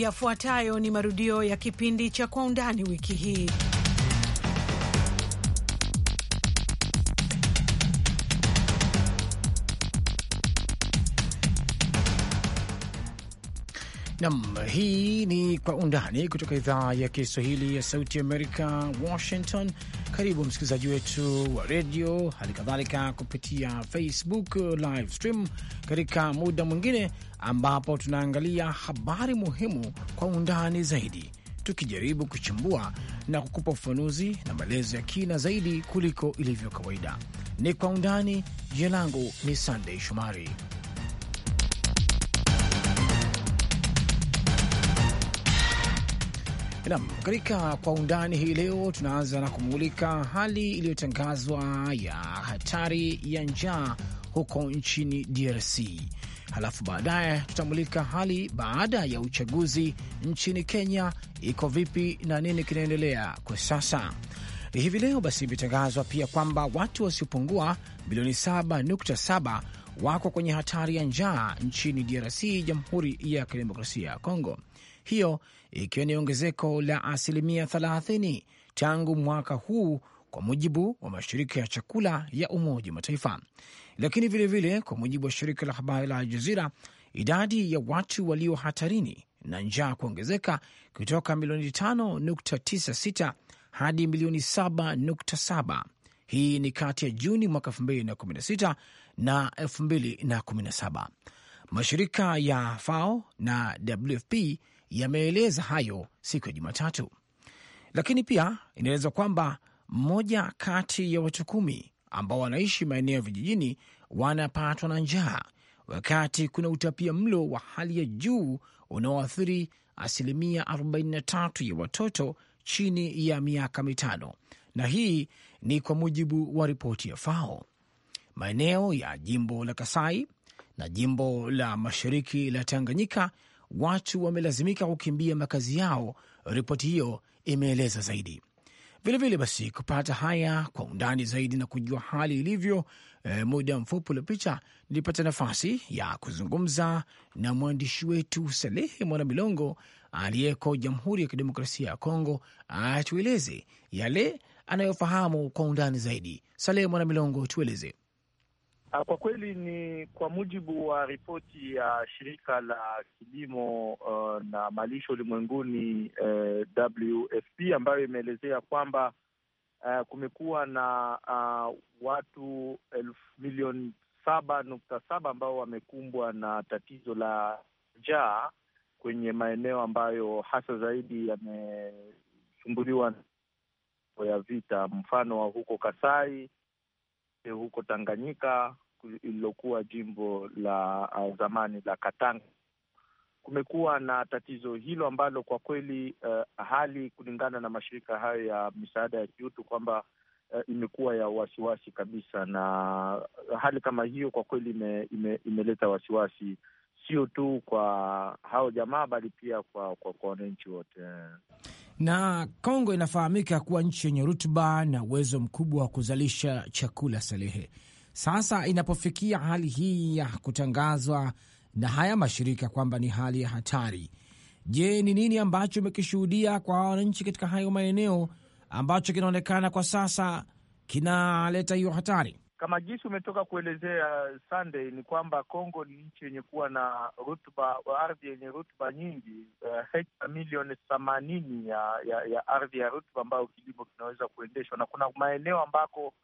Yafuatayo ni marudio ya kipindi cha Kwa Undani wiki hii. Nam, hii ni Kwa Undani kutoka idhaa ya Kiswahili ya Sauti Amerika, Washington. Karibu msikilizaji wetu wa redio, hali kadhalika kupitia Facebook live stream, katika muda mwingine ambapo tunaangalia habari muhimu kwa undani zaidi, tukijaribu kuchimbua na kukupa ufafanuzi na maelezo ya kina zaidi kuliko ilivyo kawaida. Ni Kwa Undani. Jina langu ni Sandei Shomari. Nam, katika kwa undani hii leo tunaanza na kumulika hali iliyotangazwa ya hatari ya njaa huko nchini DRC. Halafu baadaye tutamulika hali baada ya uchaguzi nchini Kenya iko vipi na nini kinaendelea kwa sasa. Hivi leo basi imetangazwa pia kwamba watu wasiopungua bilioni 7.7 wako kwenye hatari ya njaa nchini DRC, Jamhuri ya Kidemokrasia ya Kongo. Hiyo ikiwa ni ongezeko la asilimia 30 tangu mwaka huu kwa mujibu wa mashirika ya chakula ya Umoja wa Mataifa. Lakini vilevile vile, kwa mujibu wa shirika la habari la Aljazira, idadi ya watu walio hatarini na njaa kuongezeka kutoka milioni 5.96 hadi milioni 7.7. Hii ni kati ya Juni mwaka 2016 na 2017. Mashirika ya FAO na WFP yameeleza hayo siku ya Jumatatu, lakini pia inaelezwa kwamba mmoja kati ya watu kumi ambao wanaishi maeneo ya vijijini wanapatwa na njaa, wakati kuna utapia mlo wa hali ya juu unaoathiri asilimia 43 ya watoto chini ya miaka mitano, na hii ni kwa mujibu wa ripoti ya FAO. Maeneo ya jimbo la Kasai na jimbo la mashariki la Tanganyika watu wamelazimika kukimbia makazi yao, ripoti hiyo imeeleza zaidi. Vilevile vile basi, kupata haya kwa undani zaidi na kujua hali ilivyo, e, muda mfupi uliopita nilipata nafasi ya kuzungumza na mwandishi wetu Salehe Mwanamilongo aliyeko Jamhuri ya Kidemokrasia ya Kongo, atueleze yale anayofahamu kwa undani zaidi. Salehe Mwanamilongo, tueleze. Ah, kwa kweli ni kwa mujibu wa ripoti ya shirika la kilimo uh, na malisho ulimwenguni uh, WFP ambayo imeelezea kwamba uh, kumekuwa na uh, watu elfu milioni saba nukta saba ambao wamekumbwa na tatizo la njaa kwenye maeneo ambayo hasa zaidi yamesumbuliwa ya vita, mfano wa huko Kasai, huko Tanganyika, lililokuwa jimbo la uh, zamani la Katanga. Kumekuwa na tatizo hilo ambalo kwa kweli uh, hali kulingana na mashirika hayo ya misaada ya kiutu kwamba uh, imekuwa ya wasiwasi kabisa, na hali kama hiyo kwa kweli ime, ime, imeleta wasiwasi sio tu kwa hao jamaa bali pia kwa, kwa, wananchi wote. Na Kongo inafahamika kuwa nchi yenye rutuba na uwezo mkubwa wa kuzalisha chakula salehe. Sasa inapofikia hali hii ya kutangazwa na haya mashirika kwamba ni hali ya hatari, je, ni nini ambacho umekishuhudia kwa wananchi katika hayo maeneo ambacho kinaonekana kwa sasa kinaleta hiyo hatari? Kama jinsi umetoka kuelezea Sunday, ni kwamba Kongo ni nchi yenye kuwa na rutuba, ardhi yenye rutuba nyingi, eh, hekta milioni themanini ya, ya, ya ardhi ya rutuba ambayo kilimo kinaweza kuendeshwa, na kuna maeneo ambako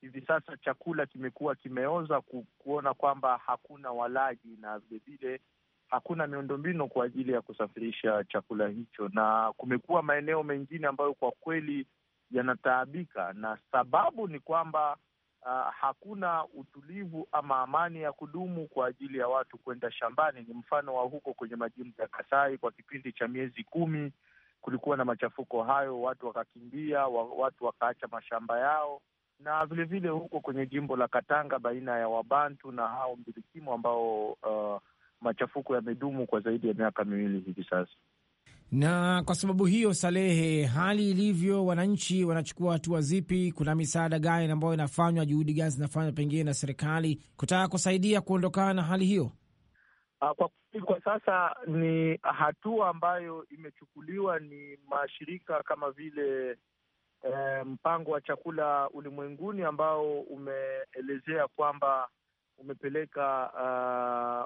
hivi sasa chakula kimekuwa kimeoza ku, kuona kwamba hakuna walaji na vilevile hakuna miundombinu kwa ajili ya kusafirisha chakula hicho, na kumekuwa maeneo mengine ambayo kwa kweli yanataabika, na sababu ni kwamba uh, hakuna utulivu ama amani ya kudumu kwa ajili ya watu kwenda shambani. Ni mfano wa huko kwenye majimbo ya Kasai, kwa kipindi cha miezi kumi kulikuwa na machafuko hayo, watu wakakimbia, watu wakaacha mashamba yao na vilevile vile huko kwenye jimbo la Katanga baina ya Wabantu na hao mbilikimu ambao uh, machafuko yamedumu kwa zaidi ya miaka miwili hivi sasa. Na kwa sababu hiyo, Salehe, hali ilivyo, wananchi wanachukua hatua zipi? Kuna misaada gani ambayo inafanywa, juhudi gani zinafanywa pengine na serikali kutaka kusaidia kuondokana na hali hiyo? Ah, kwa kweli kwa sasa ni hatua ambayo imechukuliwa ni mashirika kama vile e, mpango wa chakula ulimwenguni ambao umeelezea kwamba umepeleka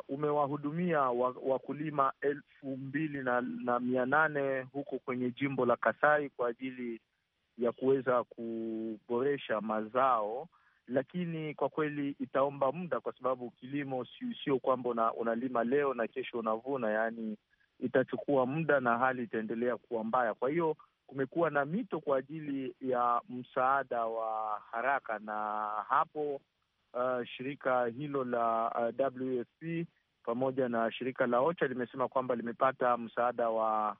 uh, umewahudumia wakulima elfu mbili na, na mia nane huko kwenye jimbo la Kasai kwa ajili ya kuweza kuboresha mazao, lakini kwa kweli itaomba muda, kwa sababu kilimo sio kwamba una, unalima leo na kesho unavuna, yaani itachukua muda na hali itaendelea kuwa mbaya. Kwa hiyo kumekuwa na mito kwa ajili ya msaada wa haraka, na hapo uh, shirika hilo la uh, WFP pamoja na shirika la OCHA limesema kwamba limepata msaada wa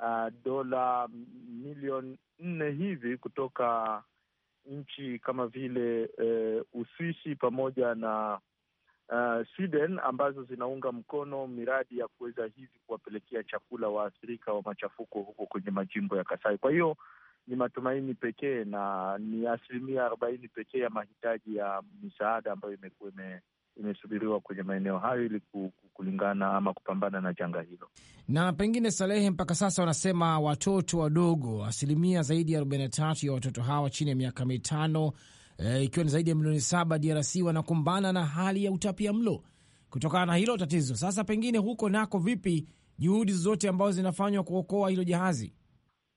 uh, dola milioni nne hivi kutoka nchi kama vile uh, Uswisi pamoja na uh, Sweden ambazo zinaunga mkono miradi ya kuweza hivi kuwapelekea chakula waathirika wa machafuko huko kwenye majimbo ya Kasai. Kwa hiyo ni matumaini pekee na ni asilimia arobaini pekee ya mahitaji ya misaada ambayo imekuwa ime imesubiriwa kwenye maeneo hayo ili kulingana ama kupambana na janga hilo. Na pengine Salehe, mpaka sasa wanasema watoto wadogo, asilimia zaidi ya arobaini na tatu ya watoto hawa chini ya miaka mitano e, ikiwa ni zaidi ya milioni saba DRC wanakumbana na hali ya utapia mlo kutokana na hilo tatizo. Sasa pengine huko nako vipi juhudi zote ambazo zinafanywa kuokoa hilo jahazi?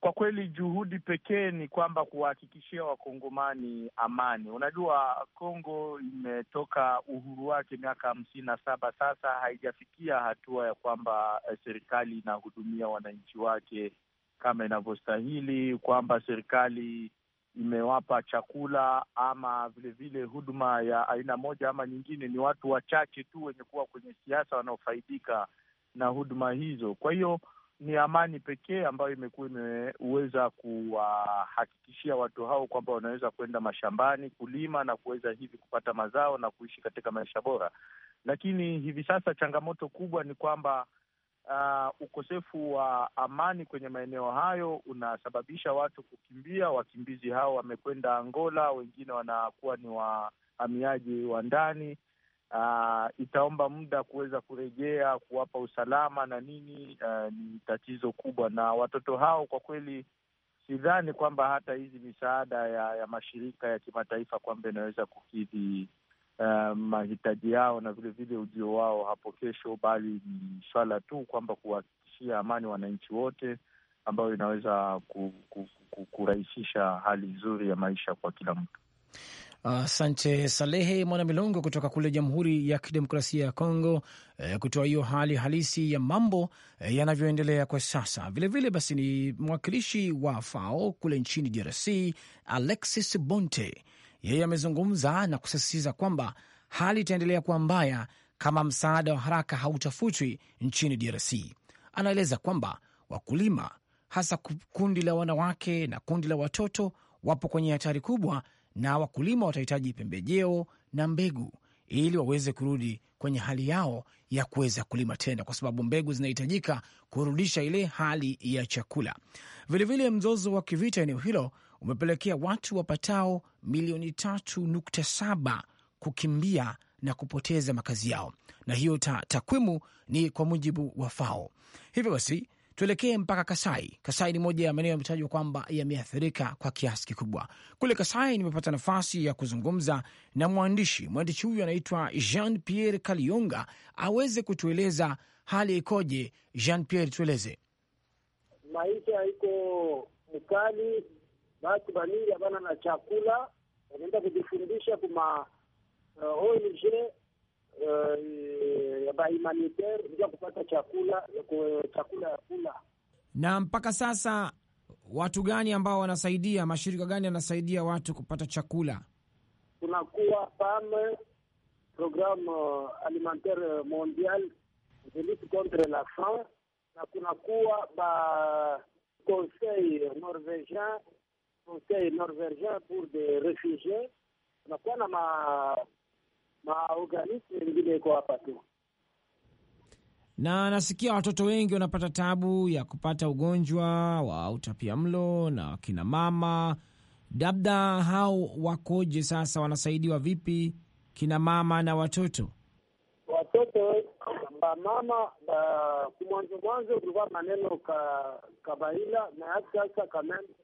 Kwa kweli juhudi pekee ni kwamba kuwahakikishia wakongomani amani. Unajua, Kongo imetoka uhuru wake miaka hamsini na saba sasa, haijafikia hatua ya kwamba eh, serikali inahudumia wananchi wake kama inavyostahili, kwamba serikali imewapa chakula ama vilevile huduma ya aina moja ama nyingine. Ni watu wachache tu wenye kuwa kwenye siasa wanaofaidika na huduma hizo. Kwa hiyo ni amani pekee ambayo imekuwa imeweza kuwahakikishia watu hao kwamba wanaweza kwenda mashambani kulima na kuweza hivi kupata mazao na kuishi katika maisha bora. Lakini hivi sasa changamoto kubwa ni kwamba uh, ukosefu wa amani kwenye maeneo hayo unasababisha watu kukimbia. Wakimbizi hao wamekwenda Angola, wengine wanakuwa ni wahamiaji wa ndani. Uh, itaomba muda kuweza kurejea kuwapa usalama na nini. Uh, ni tatizo kubwa, na watoto hao kwa kweli sidhani kwamba hata hizi misaada ya, ya mashirika ya kimataifa kwamba inaweza kukidhi uh, mahitaji yao na vilevile ujio wao hapo kesho, bali ni swala tu kwamba kuwahakikishia amani wananchi wote, ambayo inaweza ku, ku, ku, kurahisisha hali nzuri ya maisha kwa kila mtu. Asante uh, Salehe Milongo kutoka kule Jamhuri ya Kidemokrasia ya Kongo eh, kutoa hiyo hali halisi ya mambo eh, yanavyoendelea kwa sasa. Vilevile basi ni mwakilishi wa FAO kule nchini DRC Alexis Bonte yeye amezungumza na kusisitiza kwamba hali itaendelea kuwa mbaya kama msaada wa haraka hautafutwi nchini DRC. Anaeleza kwamba wakulima, hasa kundi la wanawake na kundi la watoto, wapo kwenye hatari kubwa, na wakulima watahitaji pembejeo na mbegu ili waweze kurudi kwenye hali yao ya kuweza kulima tena, kwa sababu mbegu zinahitajika kurudisha ile hali ya chakula. Vilevile, mzozo wa kivita eneo hilo umepelekea watu wapatao milioni tatu nukta saba kukimbia na kupoteza makazi yao, na hiyo takwimu ni kwa mujibu wa FAO. Hivyo basi tuelekee mpaka Kasai. Kasai ni moja ya maeneo yametajwa kwamba yameathirika kwa kiasi kikubwa. Kule Kasai nimepata nafasi ya kuzungumza na mwandishi. Mwandishi huyu anaitwa Jean Pierre Kalionga, aweze kutueleza hali ikoje. Jean Pierre, tueleze. Maisha iko mkali batu baningi habana na chakula, wanaenda kujifundisha kuma uh, eh, ONG uh, eh, ya humanitaire ndio kupata chakula chakula ya kula. Na mpaka sasa watu gani ambao wanasaidia, mashirika gani yanasaidia watu kupata chakula? kuwa PAM, programme eh, alimentaire Mondial de lutte contre la faim, na kunakuwa ba conseil norvegien conseil norvégien pour des réfugiés tunakuwa na ma maorganismu mengine iko hapa tu, na nasikia watoto wengi wanapata tabu ya kupata ugonjwa wa utapiamlo na wakina mama labda hao wakoje? Sasa wanasaidiwa vipi kina mama na watoto? Watoto bamama ba, kumwanzo mwanzo kulikuwa maneno ka kabaila na hata sasa kamembe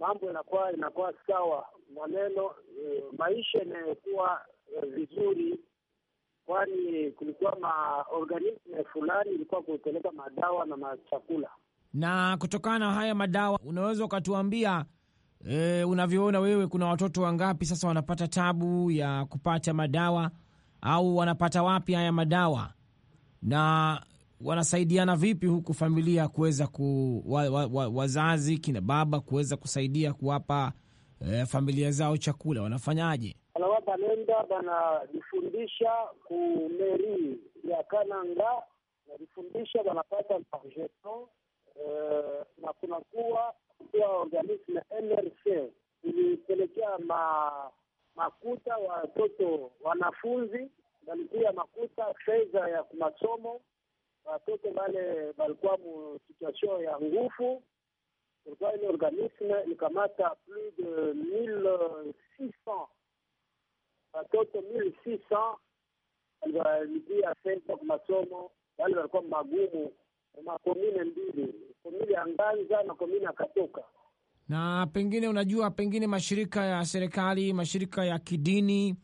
mambo inakuwa inakuwa sawa, maneno e, maisha yanayokuwa e, vizuri, kwani kulikuwa maorganisme fulani ilikuwa kupeleka madawa na machakula. Na kutokana na haya madawa, unaweza ukatuambia e, unavyoona wewe, kuna watoto wangapi sasa wanapata tabu ya kupata madawa au wanapata wapi haya madawa na wanasaidiana vipi huku familia kuweza ku wa, wa, wa, wazazi kina baba kuweza kusaidia kuwapa eh, familia zao chakula wanafanyaje? Wanawapa nenda banajifundisha kumeri ya Kananga, najifundisha wanapata marjeton eh, na kunakuwa kuwa organisme MRC ilipelekea ma, makuta watoto wanafunzi walipia makuta fedha ya masomo watoto wale walikuwa mu situation ya nguvu. Kulikuwa ile organisme ilikamata plus de 1600 watoto 1600 six senta kwa masomo wale walikuwa magumu makomine mbili, komine ya Nganza na komine ya Katoka. Na pengine unajua, pengine mashirika ya serikali, mashirika ya kidini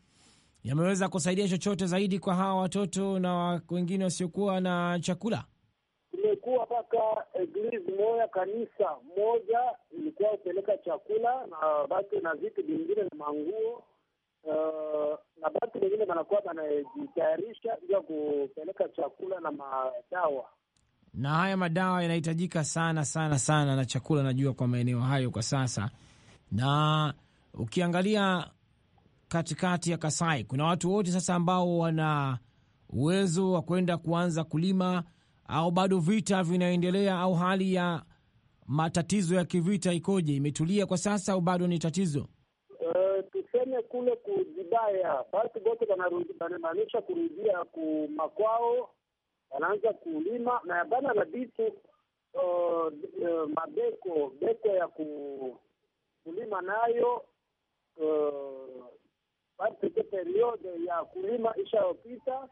yameweza kusaidia chochote zaidi kwa hawa watoto na wengine wasiokuwa na chakula? Kumekuwa mpaka eglise moya, kanisa moja ilikuwa upeleka chakula na batu na vitu vingine na manguo Uh, na batu wengine wanakuwa wanajitayarisha bila kupeleka chakula na madawa, na haya madawa yanahitajika sana sana sana, na chakula najua kwa maeneo hayo kwa sasa. Na ukiangalia katikati ya Kasai, kuna watu wote sasa ambao wana uwezo wa kwenda kuanza kulima, au bado vita vinaendelea, au hali ya matatizo ya kivita ikoje? Imetulia kwa sasa au bado ni tatizo? Eh, tuseme kule kujibaya basi bote banamaanisha kurudia kumakwao makwao, wanaanza kulima na bana na bitu uh, uh, mabeko beko ya kulima nayo uh, bapeke periode ya kulima ishayopita,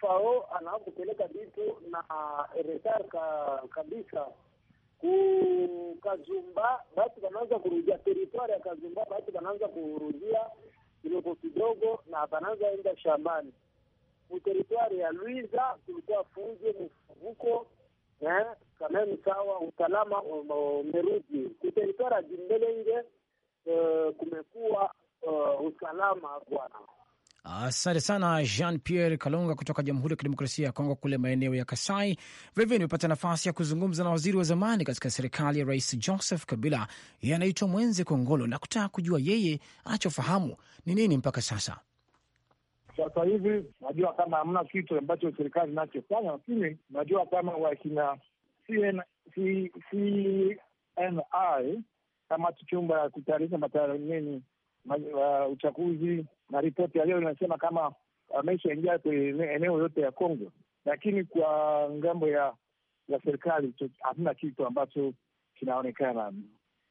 FAO anakupeleka vitu na retar ka, kabisa ku Kazumba, basi banaanza kurudia teritwari ya Kazumba, basi banaanza kurudia kidogo kidogo na banaanza enda shambani muteritwari ya Luiza kulikuwa funze mfuvuko eh, kameme sawa usalama umerudi kuteritwari ya Jimbelenge eh, kumekuwa uh, usalama bwana. Asante sana Jean Pierre Kalonga kutoka Jamhuri ya Kidemokrasia ya Kongo kule maeneo ya Kasai. Vilevile nimepata nafasi ya kuzungumza na waziri wa zamani katika serikali ya Rais Joseph Kabila, yeye anaitwa Mwenze Kongolo, na kutaka kujua yeye anachofahamu ni nini mpaka sasa. Sasa hivi najua kama hamna kitu ambacho serikali inachofanya, lakini najua kama wakina CNI kama chumba ya kutayarisha nini uh, uchaguzi na ripoti ya leo inasema kama wameshaingia uh, kwenye eneo yote ya Kongo, lakini kwa ngambo ya ya serikali hatuna kitu ambacho kinaonekana.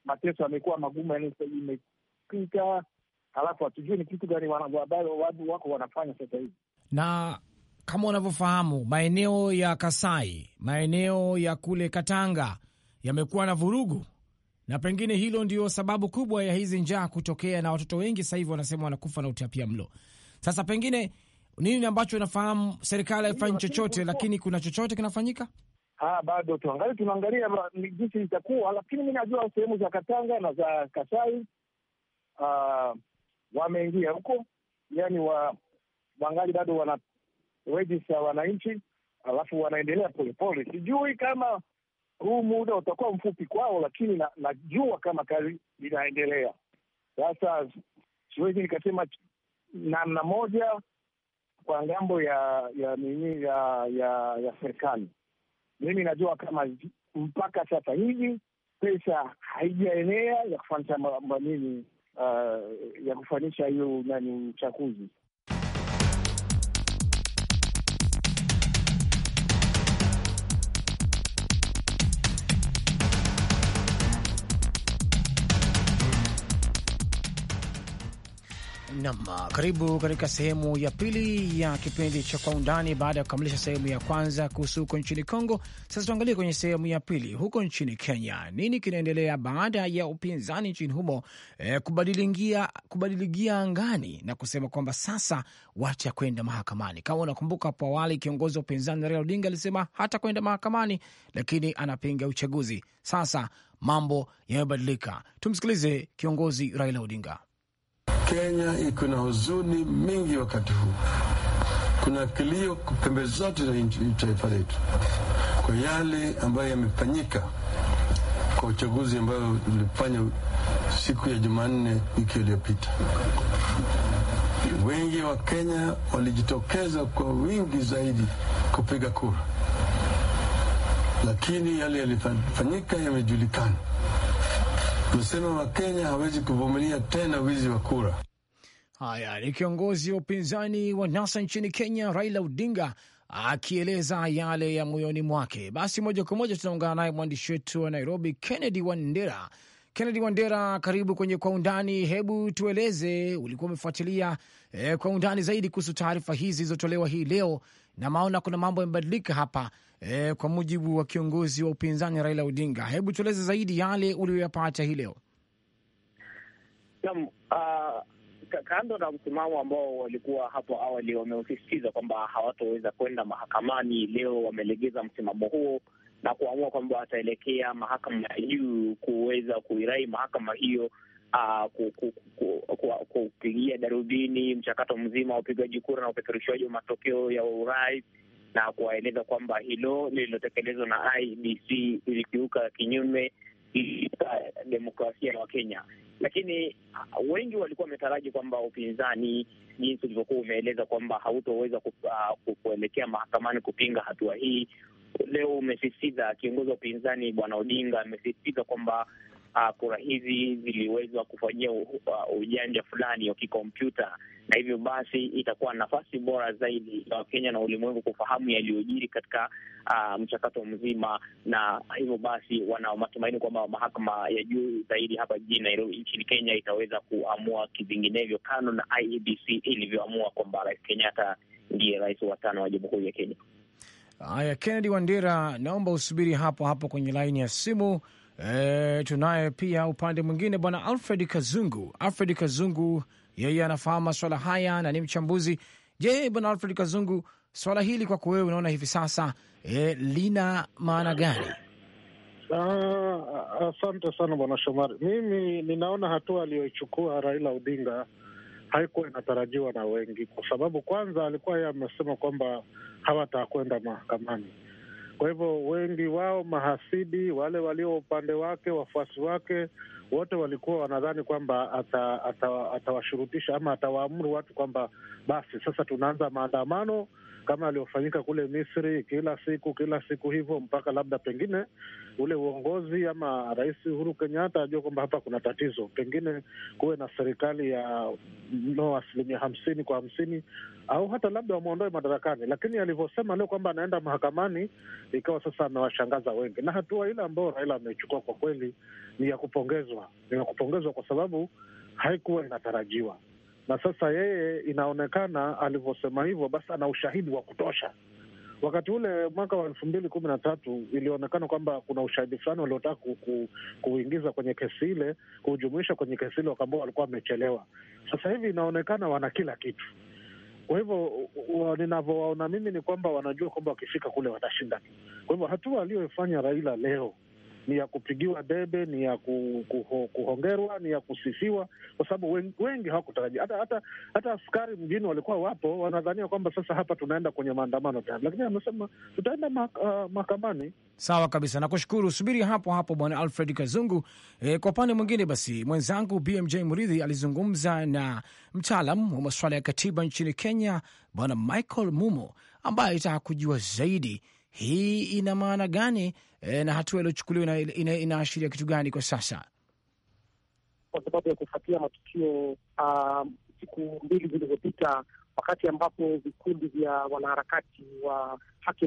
Mateso yamekuwa magumu, imepita halafu hatujui ni kitu gani ambayo watu wako wanafanya sasa hivi. Na kama unavyofahamu, maeneo ya Kasai, maeneo ya kule Katanga yamekuwa na vurugu na pengine hilo ndio sababu kubwa ya hizi njaa kutokea, na watoto wengi sasa hivi wanasema wanakufa na utapia mlo. Sasa pengine nini ambacho unafahamu, serikali haifanyi chochote, lakini kuna chochote kinafanyika? Ha, bado tuangali tunaangalia jinsi itakuwa, lakini mi najua sehemu za Katanga na za Kasai uh, wameingia huko, yani wa wangali bado wana wananchi, alafu wanaendelea polepole. Sijui kama huu muda utakuwa mfupi kwao, lakini najua na kama kazi inaendelea. Sasa siwezi nikasema namna moja kwa ngambo ya ya nini ya ya, ya serikali. Mimi najua kama mpaka sasa hivi pesa haijaenea ya kufanisha nini, uh, ya kufanisha hiyo nani uchaguzi. Nam, karibu katika sehemu ya pili ya kipindi cha Kwa Undani. Baada ya kukamilisha sehemu ya kwanza kuhusu huko nchini Kongo, sasa tuangalie kwenye sehemu ya pili huko nchini Kenya. Nini kinaendelea baada ya upinzani nchini humo eh, kubadiligia, kubadiligia angani na kusema kwamba sasa wacha kwenda mahakamani. Kama unakumbuka, hapo awali kiongozi wa upinzani Raila Odinga alisema hata kwenda mahakamani, lakini anapinga uchaguzi. Sasa mambo yamebadilika. Tumsikilize kiongozi Raila Odinga. Kenya iko na huzuni mingi wakati huu, kuna kilio pembe zote za taifa letu kwa yale ambayo yamefanyika kwa uchaguzi ambayo ulifanya siku ya Jumanne wiki iliyopita. Wengi wa Kenya walijitokeza kwa wingi zaidi kupiga kura, lakini yale yalifanyika yamejulikana wa Wakenya hawezi kuvumilia tena wizi wa kura. Haya ni kiongozi wa upinzani wa NASA nchini Kenya, Raila Odinga akieleza yale ya moyoni mwake. Basi moja kwa moja tunaungana naye mwandishi wetu wa Nairobi, Kennedy Wandera. Kennedy Wandera, karibu kwenye Kwa Undani. Hebu tueleze, ulikuwa umefuatilia eh, kwa undani zaidi kuhusu taarifa hizi zilizotolewa hii leo, na maona kuna mambo yamebadilika hapa e, kwa mujibu wa kiongozi wa upinzani Raila Odinga. Hebu tueleze zaidi yale uliyoyapata hii leo. Naam, ah, kando na msimamo ambao walikuwa hapo awali wameusisitiza kwamba hawatoweza kwenda mahakamani, leo wamelegeza msimamo huo na kuamua kwamba wataelekea mahakama ya juu kuweza kuirai mahakama hiyo ah, kupigia darubini mchakato mzima wa upigaji kura na upeperushaji wa matokeo ya urais na kuwaeleza kwamba hilo lililotekelezwa na IBC ilikiuka kinyume demokrasia wa kenya Lakini uh, wengi walikuwa wametaraji kwamba upinzani, jinsi ulivyokuwa umeeleza kwamba hautoweza uh, kuelekea mahakamani kupinga hatua hii, leo umesisitiza. Kiongozi wa upinzani Bwana Odinga amesisitiza kwamba uh, kura hizi ziliweza kufanyia ujanja fulani wa kikompyuta na hivyo basi itakuwa nafasi bora zaidi ya Wakenya na ulimwengu kufahamu yaliyojiri katika uh, mchakato mzima, na hivyo basi wana matumaini kwamba mahakama ya juu zaidi hapa jijini Nairobi nchini Kenya itaweza kuamua kivinginevyo, kano na IEBC ilivyoamua kwamba Rais Kenyatta ndiye rais wa tano wa Jamhuri ya Kenya. Haya, Kennedy Wandera, naomba usubiri hapo hapo kwenye laini ya simu. E, tunaye pia upande mwingine Bwana Alfred Kazungu. Alfred Kazungu yeye anafahamu maswala haya na ni mchambuzi. Je, bwana Alfred Kazungu, swala hili kwako wewe unaona hivi sasa e, lina maana gani? Ah, asante sana bwana Shomari. Mimi ninaona hatua aliyoichukua Raila Odinga haikuwa inatarajiwa na wengi, kwa sababu kwanza alikuwa yeye amesema kwamba hawatakwenda mahakamani. Kwa hivyo wengi wao mahasidi, wale walio upande wake, wafuasi wake wote walikuwa wanadhani kwamba atawashurutisha ata, ata ama atawaamuru watu kwamba basi sasa tunaanza maandamano kama aliyofanyika kule Misri, kila siku kila siku hivyo, mpaka labda pengine ule uongozi ama Rais Uhuru Kenyatta ajua kwamba hapa kuna tatizo, pengine kuwe na serikali ya no asilimia hamsini kwa hamsini au hata labda wamwondoe madarakani. Lakini alivyosema leo kwamba anaenda mahakamani, ikawa sasa amewashangaza wengi, na hatua ile ambayo Raila amechukua kwa kweli ni ya kupongezwa, ni ya kupongezwa kwa sababu haikuwa inatarajiwa na sasa yeye inaonekana alivyosema hivyo, basi ana ushahidi wa kutosha. Wakati ule mwaka wa elfu mbili kumi na tatu ilionekana kwamba kuna ushahidi fulani waliotaka ku, ku, kuingiza kwenye kesi ile, kuujumuisha kwenye kesi ile, wakaambao walikuwa wamechelewa. Sasa hivi inaonekana wana kila kitu. Kwa hivyo ninavyowaona mimi ni kwamba wanajua kwamba wakifika kule watashinda. Kwa hivyo hatua aliyoifanya Raila leo ni ya kupigiwa debe, ni ya kuhongerwa, ni ya kusifiwa, kwa sababu wengi, wengi hawakutarajia. Hata hata hata askari mjini walikuwa wapo wanadhania kwamba sasa hapa tunaenda kwenye maandamano tena, lakini amesema tutaenda ah, mahakamani. Uh, sawa kabisa, nakushukuru. Subiri hapo hapo Bwana Alfred Kazungu. E, kwa upande mwingine basi mwenzangu BMJ Muridhi alizungumza na mtaalam wa masuala ya katiba nchini Kenya Bwana Michael Mumo ambaye itaka kujua zaidi hii ina maana gani e, na hatua iliyochukuliwa inaashiria kitu gani kwa sasa? Kwa sababu ya kufuatia matukio ah, siku mbili zilizopita, wakati ambapo vikundi vya wanaharakati wa haki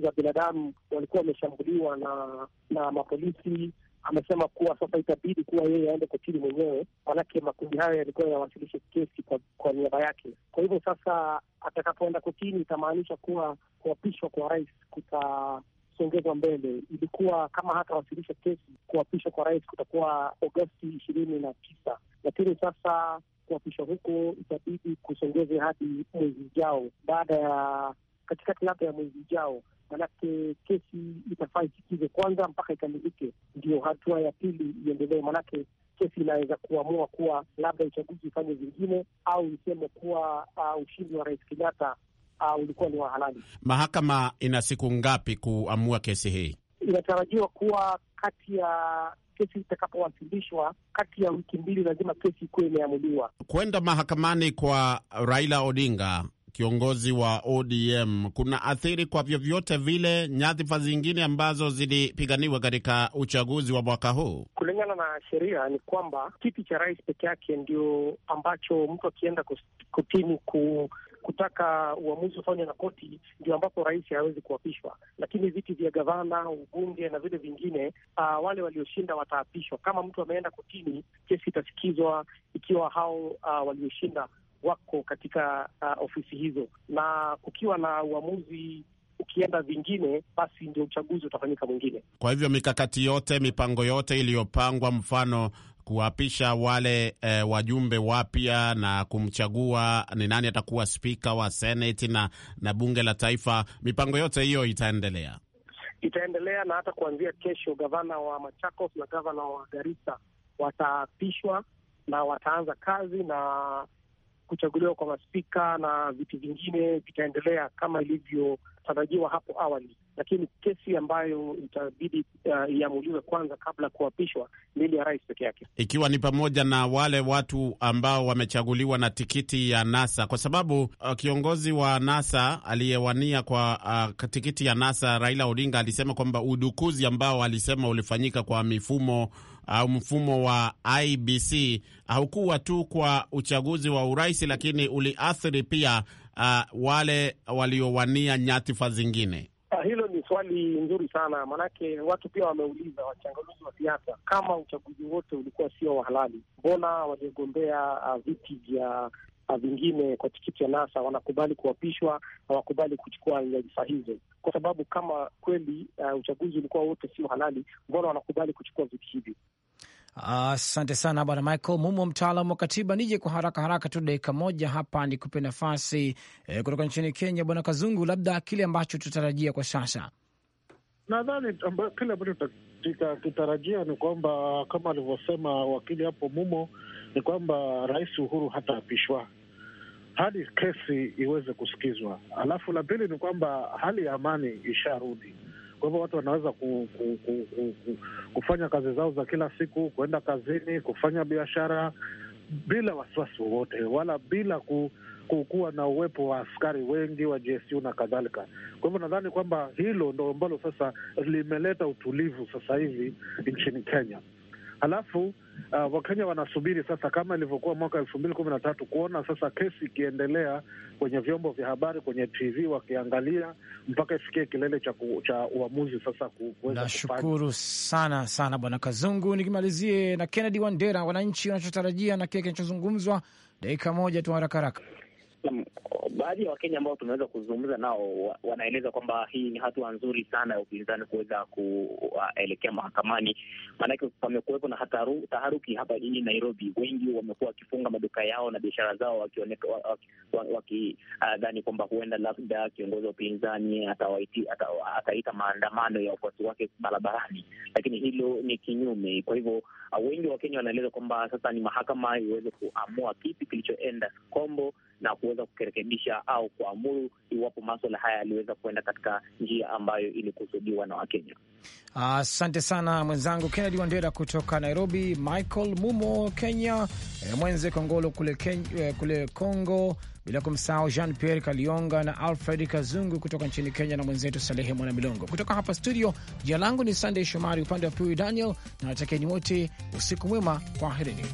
za binadamu walikuwa wameshambuliwa na, na mapolisi amesema kuwa sasa itabidi kuwa yeye aende kotini mwenyewe, manake makundi hayo yalikuwa yawasilishe kesi kwa, kwa niaba yake. Kwa hivyo sasa atakapoenda kotini itamaanisha kuwa kuapishwa kwa rais kuta kusongezwa mbele. Ilikuwa kama wasilisha kesi, kuapishwa kwa rais kutakuwa Agosti ishirini na tisa, lakini sasa kuapishwa huko itabidi kusongeze hadi mwezi ujao, baada ya katikati labda ya mwezi ujao, manake kesi itafaa isikize kwanza mpaka ikamilike, ndio hatua ya pili iendelee, manake kesi inaweza kuamua kuwa labda uchaguzi ufanye zingine au iseme kuwa uh, ushindi wa rais Kenyatta uh, ulikuwa ni wa halali. Mahakama ina siku ngapi kuamua kesi hii? Inatarajiwa kuwa kati ya kesi itakapowasilishwa kati ya wiki mbili lazima kesi ikuwa imeamuliwa. Kwenda mahakamani kwa Raila Odinga, kiongozi wa ODM, kuna athiri kwa vyovyote vile nyadhifa zingine ambazo zilipiganiwa katika uchaguzi wa mwaka huu? Kulingana na sheria ni kwamba kiti cha rais peke yake ndio ambacho mtu akienda kotini ku kutaka uamuzi ufanywe na koti, ndio ambapo rais hawezi kuapishwa. Lakini viti vya gavana, ubunge na vile vingine, uh, wale walioshinda wataapishwa. Kama mtu ameenda kotini, kesi itasikizwa ikiwa hao uh, walioshinda wako katika uh, ofisi hizo, na kukiwa na uamuzi ukienda vingine, basi ndio uchaguzi utafanyika mwingine. Kwa hivyo mikakati yote, mipango yote iliyopangwa, mfano kuwapisha wale e, wajumbe wapya na kumchagua ni nani atakuwa spika wa seneti na, na bunge la taifa. Mipango yote hiyo itaendelea itaendelea, na hata kuanzia kesho gavana wa Machakos na gavana wa Garissa wataapishwa na wataanza kazi na kuchaguliwa kwa maspika na vitu vingine vitaendelea kama ilivyotarajiwa hapo awali lakini kesi ambayo itabidi uh, iamuliwe kwanza kabla ya kuapishwa ni ile ya rais peke yake, ikiwa ni pamoja na wale watu ambao wamechaguliwa na tikiti ya NASA, kwa sababu uh, kiongozi wa NASA aliyewania kwa uh, tikiti ya NASA Raila Odinga alisema kwamba udukuzi ambao alisema ulifanyika kwa mifumo au mfumo wa IBC haukuwa tu kwa uchaguzi wa urais, lakini uliathiri pia uh, wale waliowania nyadhifa zingine. Ah, hilo swali nzuri sana maanake, watu pia wameuliza, wachanganuzi wa siasa, kama uchaguzi wote ulikuwa sio wa halali, mbona waliogombea uh, ah, viti vya uh, vingine kwa tikiti ya NASA wanakubali kuapishwa, hawakubali kuchukua nyadhifa hizo? Kwa sababu kama kweli uh, uchaguzi ulikuwa wote sio halali, mbona wanakubali kuchukua viti hivyo Asante uh, sana Bwana Michael Mumo, mtaalamu wa katiba. Nije kwa haraka haraka tu dakika moja hapa nikupe nafasi eh, kutoka nchini Kenya, Bwana Kazungu, labda kile ambacho tutarajia kwa sasa Nadhani kile ambacho tutakitarajia ni kwamba kama alivyosema wakili hapo Mumo, ni kwamba Rais Uhuru hataapishwa hadi kesi iweze kusikizwa. Alafu la pili ni kwamba hali ya amani isharudi, kwa hivyo watu wanaweza ku, ku, ku, ku, ku, kufanya kazi zao za kila siku, kuenda kazini, kufanya biashara bila wasiwasi wowote, wala bila ku kukuwa na uwepo wa askari wengi wa GSU na kadhalika. Kwa hivyo nadhani kwamba hilo ndo ambalo sasa limeleta utulivu sasa hivi nchini Kenya. Halafu uh, Wakenya wanasubiri sasa, kama ilivyokuwa mwaka elfu mbili kumi na tatu, kuona sasa kesi ikiendelea kwenye vyombo vya habari, kwenye TV wakiangalia mpaka ifikie kilele cha, ku, cha uamuzi sasa kuweza. Nashukuru sana sana Bwana Kazungu. Nikimalizie na Kennedy Wandera, wananchi wanachotarajia na kile kinachozungumzwa, dakika moja tu haraka haraka baadhi ya Wakenya ambao tumeweza kuzungumza nao wanaeleza kwamba hii ni hatua nzuri sana ya upinzani kuweza kuelekea mahakamani, maanake pamekuwepo na hataru, taharuki hapa jijini Nairobi. Wengi wamekuwa wakifunga maduka yao na biashara zao wakidhani waki, uh, kwamba huenda labda kiongozi wa upinzani ataita maandamano ya wafuasi wake barabarani, lakini hilo ni kinyume. Kwa hivyo wengi wa Wakenya wanaeleza kwamba sasa ni mahakama iweze kuamua kipi kilichoenda kombo na kuweza kukirekebisha au kuamuru iwapo maswala haya yaliweza kuenda katika njia ambayo ilikusudiwa na Wakenya. Asante uh, sana mwenzangu Kennedy Wandera kutoka Nairobi, Michael Mumo Kenya, e, mwenze Kongolo kule, Ken, e, kule Congo, bila kumsahau Jean Pierre Kalionga na Alfred Kazungu kutoka nchini Kenya na mwenzetu Salehe Mwanamilongo kutoka hapa studio. Jina langu ni Sandey Shomari, upande wa pili Daniel na watakieni wote usiku mwema, kwaherini.